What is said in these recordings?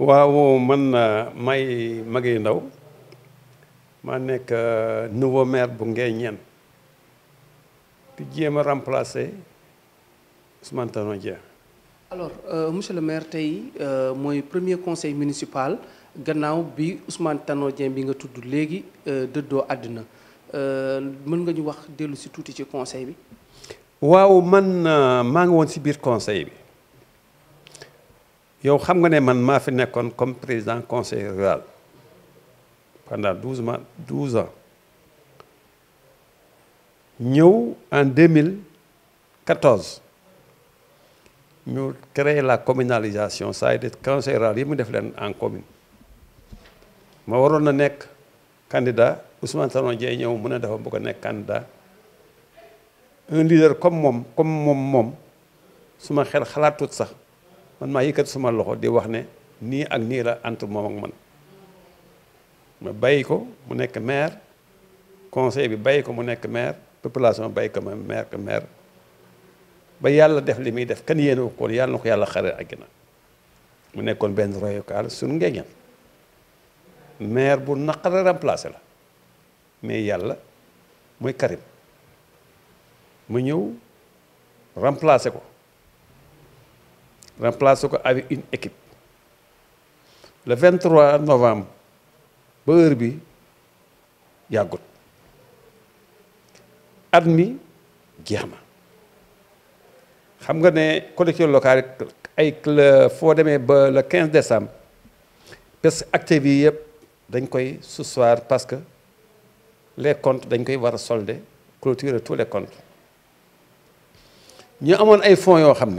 waaw man ah, may magay ndaw ma nekk ah, nouveau maire bu ñen di jema remplacer Ousmane Tano Dia alors euh, monsieur le maire euh, moy premier conseil municipal gannaaw bi Ousmane Tano Dia bi nga tudd léegi euh, dëddoo euh mën nga ñu wax delu ci tuuti ci conseil bi. waaw man ah, ma nga won si bir conseil bi. Yo, xam que je man comme président conseil rural pendant 12 ans Nous, en 2014 nous avons créé la communalisation a été le conseil rural qui en commune Je suis na candidat Ousmane suis un candidat un leader comme moi, comme suis je suis un xel tout ça. man maa yëkkat sama loxo di wax ne nii ak nii la entre moom ak man ma bàyyi ko mu nekk maire conseil bi bàyyi ko mu nekk maire population bàyyi ko ba yàlla def li muy def kan yéene ko ko yàlla xare ak gina mu nekkoon benn royukaal suñu maire bu naqara remplacé la mais yàlla muy Karim mu ñëw remplacé ko remplace ko avec une équipe le 23 novembre ba heure bi yàggut at mi un xam nga né collectivité locale ay fo démé ba le 15 décembre parce que activé yépp dañ koy parce que les comptes dañ koy wara clôturer tous les comptes Nous avons un fonds yoo xam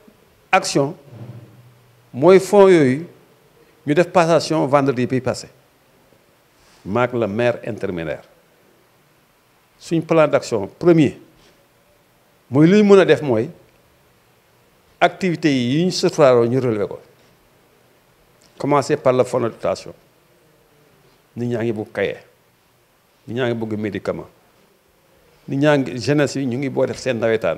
action moy fond yoy ñu def passation vendredi bi passé mak la maire intermédiaire suñ plan d'action premier moy li mëna def moy activité yi ñu suturaaloo ñu relever ko commencer par la fonds Ni dotation nit ñaa ngi bëgg kaye bëgg médicament ni ñaa ngi jeunesse yi ñu ngi bo def sen nawetaan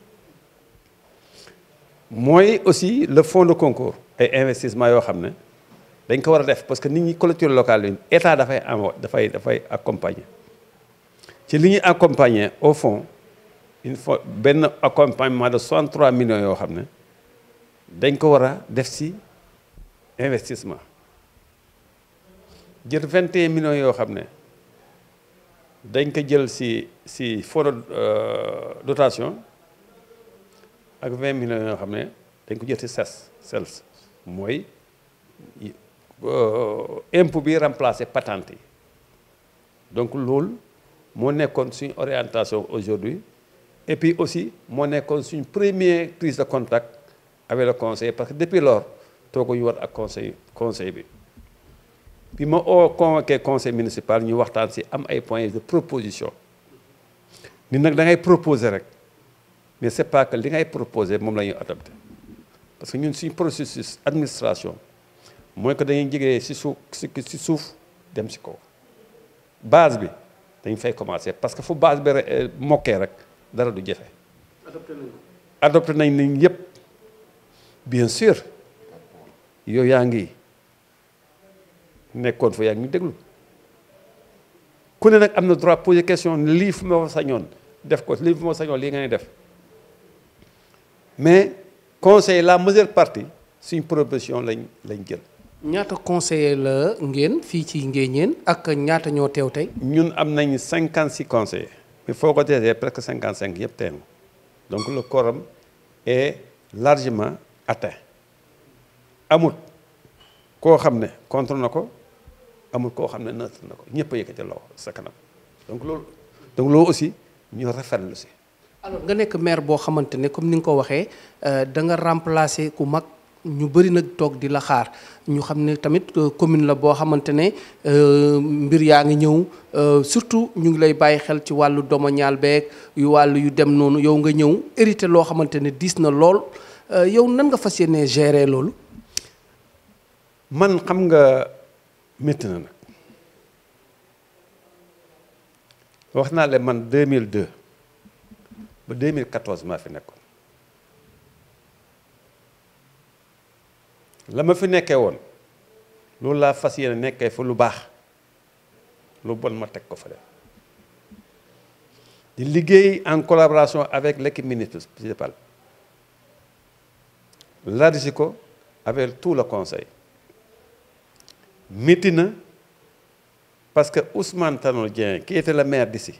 moy aussi le fonds de concours et investissement yo xam dañ def parce que nit ñi collectivité locale l'État état fay am da fay accompagner ci li ñi au fond une fois ben accompagnement de 63 millions yo xam dañ ko wara def si investissement jël 21 millions yo xam dañ ko jël fonds de euh, dotation ak 20 millions yoo xam ne dañ ko jël ci ses sels mooy euh, impôt bi remplacer patente yi donc loolu moo nekkoon suñu orientation aujourd'hui et puis aussi moo nekkoon une première prise de contact avec le conseil parce que depuis lors tooguñu war ak conseil conseil bi bi ma oo convoqué conseil municipal ñu waxtaan si am ay points de proposition ni nag da ngay proposer mais ce n'est pas que ce que vous proposez, c'est ce qu'on adopte. Parce que nous, c'est un processus d'administration. Moi, quand vous avez dit que ce qui souffre, c'est ce base, vous avez commencer. Parce que la base est moquée, il n'y a rien de faire. Adopter nous. Adopter nous, bien sûr. Vous avez dit. Mais quand vous avez dit, vous avez dit. Vous avez le droit de poser des questions, livre-moi ça. Def quoi, livre-moi ça, livre-moi ça. Mais le la majeure partie, c'est une proposition. Quel conseiller le gen, et gen, akanyata nyote otei? Nous avons 56 conseillers. Mais il faut que j'ai presque 55 yeptem. Donc le quorum est largement atteint. Amour, ko xamne contre nako amul ko xamne neutre nako ñepp yëkëti loox sa kanam donc lool donc lool aussi ñu rafetlu ci alors nga nekk maire boo xamante ne comme ni nga ko waxee euh, da nga remplacer ku mag ñu bëri nag toog di la xaar ñu xam ne tamit euh, commune la boo xamante ne euh, mbir yaa ngi ñëw surtout ñu ngi lay bàyyi xel ci wàllu domanial beeg yu wàllu yu dem noonu yow nga ñëw hérité loo xamante ne diis na lool yow nan nga fas yéenee gere loolu. man xam nga métti na nag wax naa leen man 2002. ba 2014 maa fi nekkoon la ma fi nekkee woon loolu laa fas yéene nekkee fa lu baax lu bon ma teg ko fa dem di liggéey en collaboration avec l'équipe municipale La ko avec tout le conseil métti na parce que Ousmane Tanor Dieng qui était le maire d'ici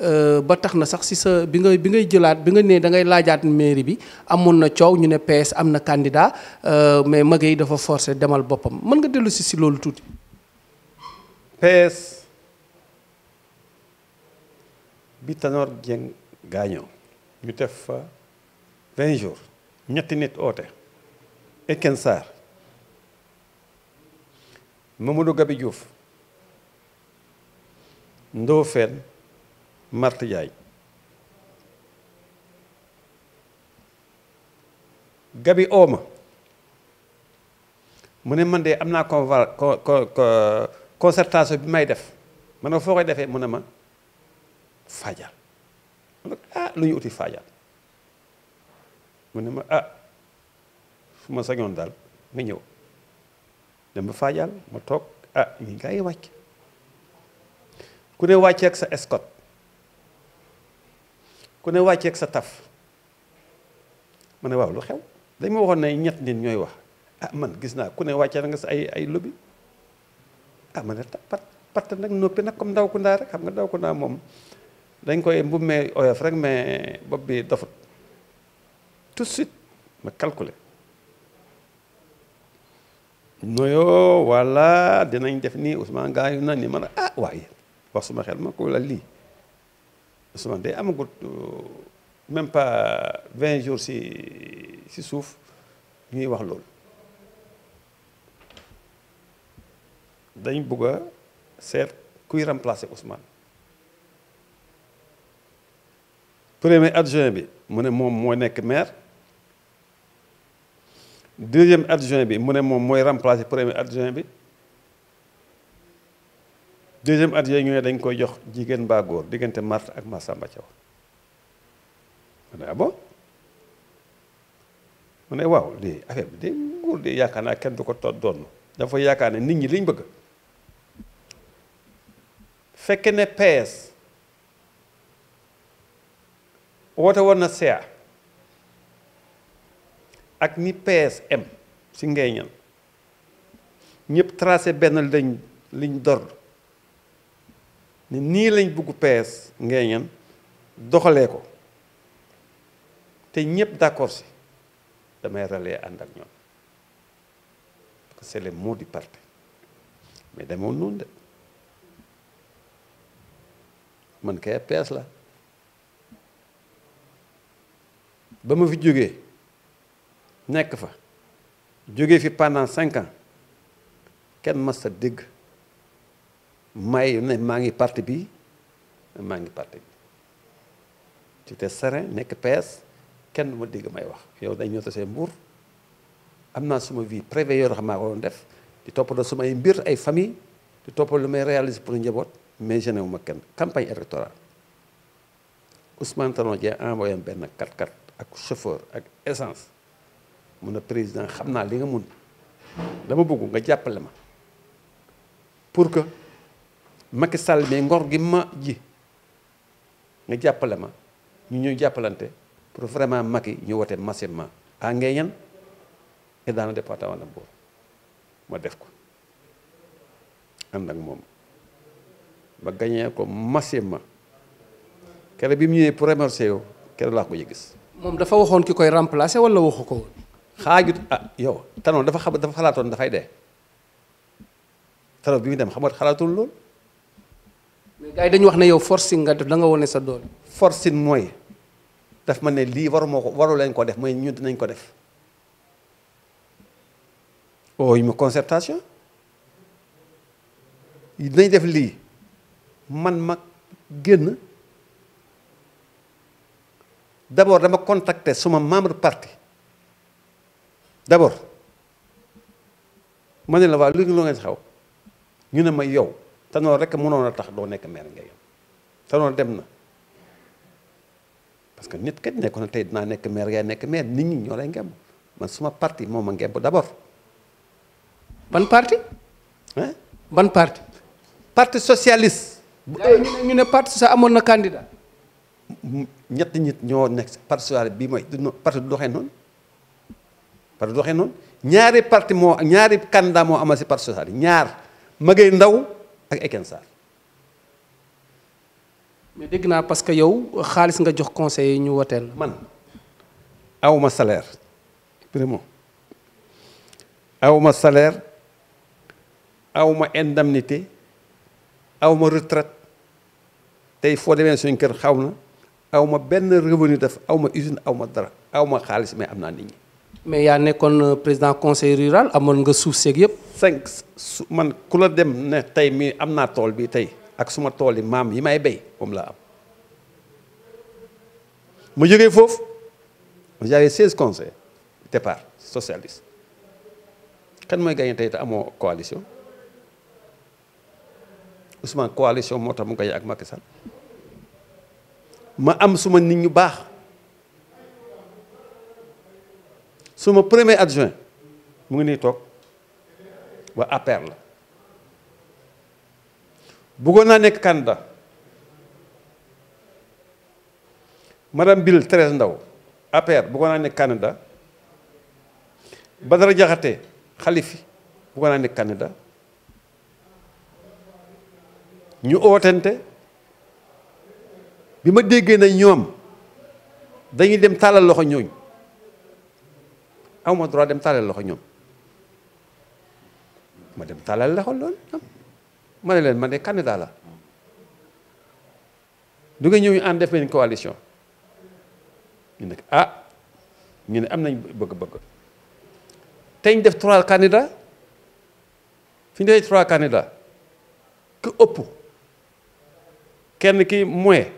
Euh, ba tax na sax si sa bi nga bi ngay jëlaat bi nga nee dangay laajaat mairie bi amoon na coow ñu ne PS am na candidat euh, mais mag yi dafa forcé demal boppam mën nga dellusi si loolu tuuti. PS bi Tanor Dieng gaañoo ñu def fa 20 jours ñetti nit oote Eken Sarr Mamadou Gabi Diouf Ndofène Marthe Yai. gabi ooma mande amna man de ko ko concertation bi may def man fo koy defé mu ne ma faajal ah luñu uti faajal ma ah fuma ma dal nga ñew. dem ba faajal ma toog ah ngay wacc. wàcc ku ne wàcce ak sa escorte ku ne wàcceeg sa taf ma ne waaw lu xew dañ ma waxoon na ñett nit ñooy wax ah man gis naa ku ne wàccee na nga sa ay ay lobby ah ma ne pat pat nag noppi nag comme ndaw ku ndaa rek xam nga ndaw ku ndaa moom dañ koy mbubbee oyof rek mais bopp bi dofut tout de suite ma calculer noyo walla dinañ def nii Ousmane gaayu na ni man a ah waaye wax suma xel ma ko la lii Ousmane day amagut euh, même pas vingt jours si si suuf ñuy wax loolu dañ bëgg a qui kuy remplacer Ousmane premier adjoint bi mu mon moom mooy maire deuxième adjoint bi mon ne moom mooy remplacer premier adjoint bi deuxième at yooyu ñu dañ koy jox jigéen mbaa góor diggante Marthe ak Massamba Thiaw ma ne ah waaw lii affaire bi de góor de yaakaar naa kenn du ko toog doon dafa yaakaar ne nit ñi liñ bëgg fekke ne PS woote woon na CA ak ni PSM si ngay ñan ñëpp tracé benn liñ liñ dor ni nii lañ bugg nga Nguéniène doxalee ko te ñëpp d'accord si damay ralee ànd ak ñoom parce que c'est le mot mais demoon noonu de man kay PS la ba ma fi jógee nekk fa jógee fi pendant cinq ans kenn mas sa dégg may maa ngi parti bi maa ngi parti bi j'étais serein nekk PS kenn du ma dégg may wax yow dañ ñoo tasee mbuur am naa suma vie privée yoo xam maa ko doon def di toppatoo sumay mbir ay famille di toppal lu may réaliser pour njaboot mais gêné wu ma kenn campagne électorale Ousmane Tanor Dieng envoyé am benn 4 x ak chauffeur ak essence mun na président xam naa li nga mun dama bëgg nga jàppale ma Macky Sall mais ngor gi ma ji nga jàppale ma ñu ñu jàppalante pour vraiment Macky ñu wote massivement à Nguéniène et dans le département de Mbour ma def ko and ak mom ba gagné ko massivement kéré bi mu ñëwee pour remercier yow kéré la ko gis. mom dafa waxoon ki koy remplacer wala waxuko xajut ah yow tanon dafa xam dafa da fay dé tanon bi mu dem xam nga lool gars yi dañu wax ne yow forcing nga def danga nga wone sa doole. forcing mooy daf ma ne lii waru ko waru leen ko def mooy ñu dinañ ko def. oo oh, ñu ma concertation dinañ def lii man mag génn d'abord dama contacter suma membre parti d'abord ma ne la waa lu lu ngeen xew ñu ne ma yow. te noonu rek mënoon a tax do nek maire nga yow te noonu dem na parce que nit kat nekkoon na dina nek nekk maire nek nekk nit ñi ñolay ngem man suma parti moma ngem bo d'abord. ban parti. ban parti. parti socialiste. bu ñu ne parti sa amon na candidat. ñet nit ño nek parti socialiste bi moy parti du doxee noonu parti du doxee ñaari parti mo ñaari candidat mo amasi parti socialiste ñaar magay ndaw. ak Eken Sarr mais dégg naa parce que yow xaalis nga jox conseil yi ñu woteel man awma saleer vraiment awma salaire awma indemnité awma retraite tey foo demee suñ kër xaw na awma benn revenu def awma usine awma dara awma xaalis mais am naa nit ñi mais yaa nekkoon euh, président conseil rural amone nga souf sék yëpp. cinq man ku dem né tay mi amna naa bi tay ak suma toli mam yi may bay moom la am mu jógee fof j'avais 16 conseils départ socialiste kan moy gagné tay te amoo coalition Ousmane coalition motam tax ak Macky Sall ma am suma nit ñu baax. suma premier adjoint mu ngi nii toog waa APR la bëggoon naa nekk candidat madame Bill Thérèse Ndaw APR bëggoon naa nekk candidat Badara Jaxate Xalifi bëggoon naa nekk candidat ñu ootante bi ma déggee na ñoom dañuy dem tàllal loxo ñooñ awma droit dem tàllal loxo ñoom ma dem tàllal loxo loolu ma ne leen man de candidat la lu nga ñëw ñu ànd def benn coalition ñu ne ah ñu ne am nañ bëgg-bëgg tey ñu def trois candidats fi ñu defee trois candidats ku ëpp kenn ki moins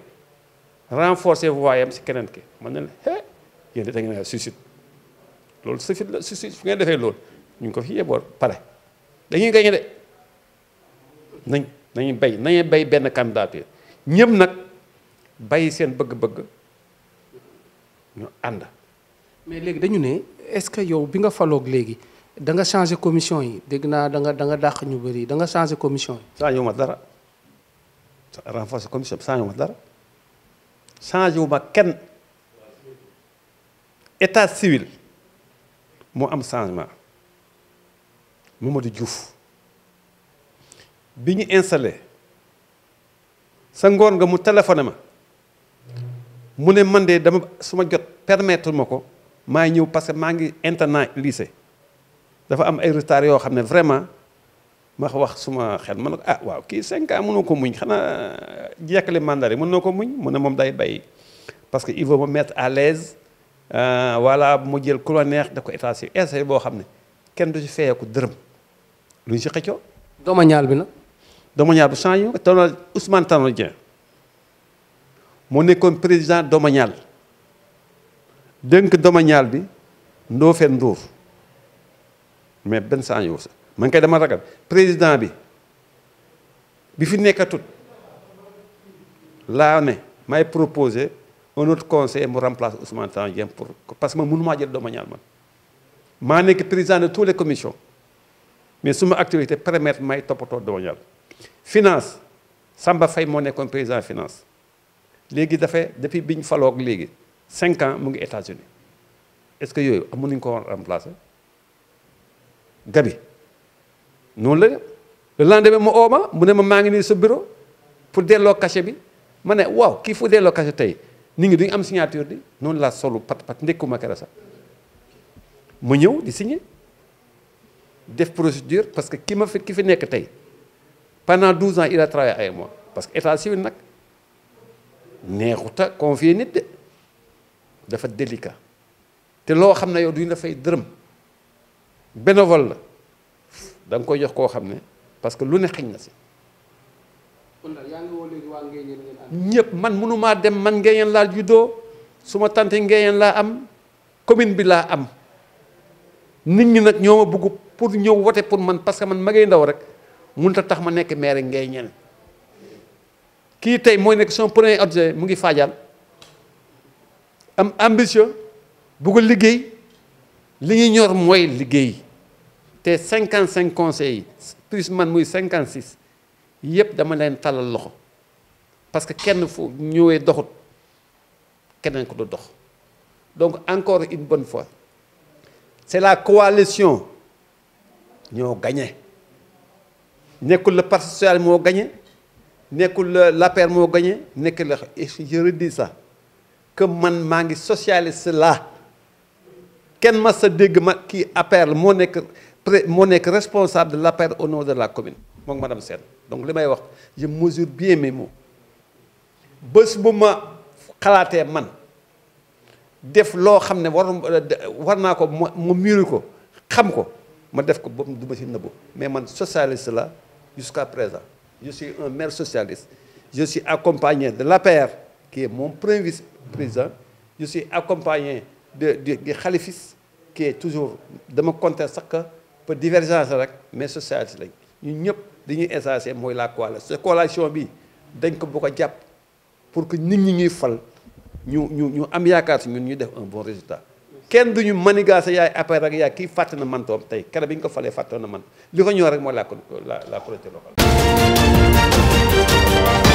renforcer voix yam si keneen ki man ne la hé yéen da ngeen a suscite loolu su fi su defee loolu ñu ngi ko fi yeboon pare dañuy gañe de nañ nañu bay nañu bay benn candidature ñëpp nag bay seen bëgg-bëgg ñu ànd. mais léegi dañu ne est-ce que yow bi nga faloog léegi da nga changé commission yi dégg naa da nga da nga dàq ñu bëri da nga changé commission yi. changé wu ma dara renforcer commission bi changé dara changé wu ma kenn état civil. mo am changement Mamadou Diouf biñu ñu installé sa ngoon nga mu téléphoné ma mune ne man de dama suma jot permettre ma ko maay parce que ma ngi internat lycée dafa am ay retard yo xamné vraiment ma wax suma xel ma ah waaw ki 5 ans mënoko muñ xana jekkale mandat mënoko muñ mune mom day bay parce que il veut me mettre à l'aise wala euh, mu jël ku la neex da ko état si essai boo xam ne kenn du si feyeeku dërëm lu ñu si xëccoo. domañaal bi nag. domañaal bu changé ko Tanor Ousmane Tanor Dieng moo nekkoon président domañaal dénk domañaal bi ndoofeen ndóof mais benn changé wu sa man kay dama ragal président bi bi fi nekkatut laa ne may proposé. un autre conseiller mu remplace Ousmane Tandian pour parce que man mënumaa jël dooma ñaal man maa nekk président de toutes les commissions mais suma activité permettre may toppatoo dooma ñaal finance Samba Faye moo comme président finance Légui dafay depuis bi ñu faloog léegi cinq ans mu ngi États-Unis est-ce que yooyu amu nañu ko remplacer Gabi noonu la le lendemain mu ooma mu ne ma maa bureau pour délocacher. cachet bi ma ne waaw kii fu delloo cachet nit ñi duñ am signature de, non laa solo, pat pat ndekkuma kera sax ma ñëw di signé def procédure parce que ki ma fait ki fi nekk tey pendant 12 ans il a travaillé avec moi parce que état civil nag neexuta confier nit de dafa délicat te loo xam ne yow duñ la fay dërëm bénévole la da nga koy jox koo xam ne parce que lu ne xëñ na ñepp man mënuma dem man ngeen la judo suma tante ngeen la am commune bi la am nit ñi nak ñoo bëgg pour ñëw wote pour man parce que man ma ngay ndaw rek mënut tax ma nek maire ngay ñene kii tey mooy nekk son premier objet mu ngi faajal am ambition bëgg liggéey li ñi ñor moy liggéey té 55 conseils plus man muy 56. yëpp dama leen talal loxo parce que kenn fu ñëwee doxut keneen ko du dox donc encore une bonne fois c'est la coalition ñoo gagné nekkul le parti social moo gagné nekkul l'APR moo gagné nekkul la je redis ça que man maa ngi socialiste la kenn ma sa dégg ma kii APR moo nekk moo nekk responsable de l'APR au nom de la commune moom madame Sène donc je mesure bien mes mots Si bu ma xalaatee man def suis un ne ko ma muru ko xam ko ma def ko mais socialiste jusqu'à présent je suis un maire socialiste je suis accompagné de la paire, qui est mon premier vice-président je suis accompagné de de qui est toujours dans mon contexte pour diverger divergence rek mais socialiste li ñuy essentiel mooy la coalition cette coalition bi dañ ko bokk a jàpp pour que nit ñi ñuy fal ñu ñu ñu am yaakaar si ñun ñu def un bon résultat kenn du duñu manigaase yaay après rek yaay kii fàtte na man toom tey keroog bi ñu ko falee fàtte na man li ko ñëw rek mooy la la la collectivité locale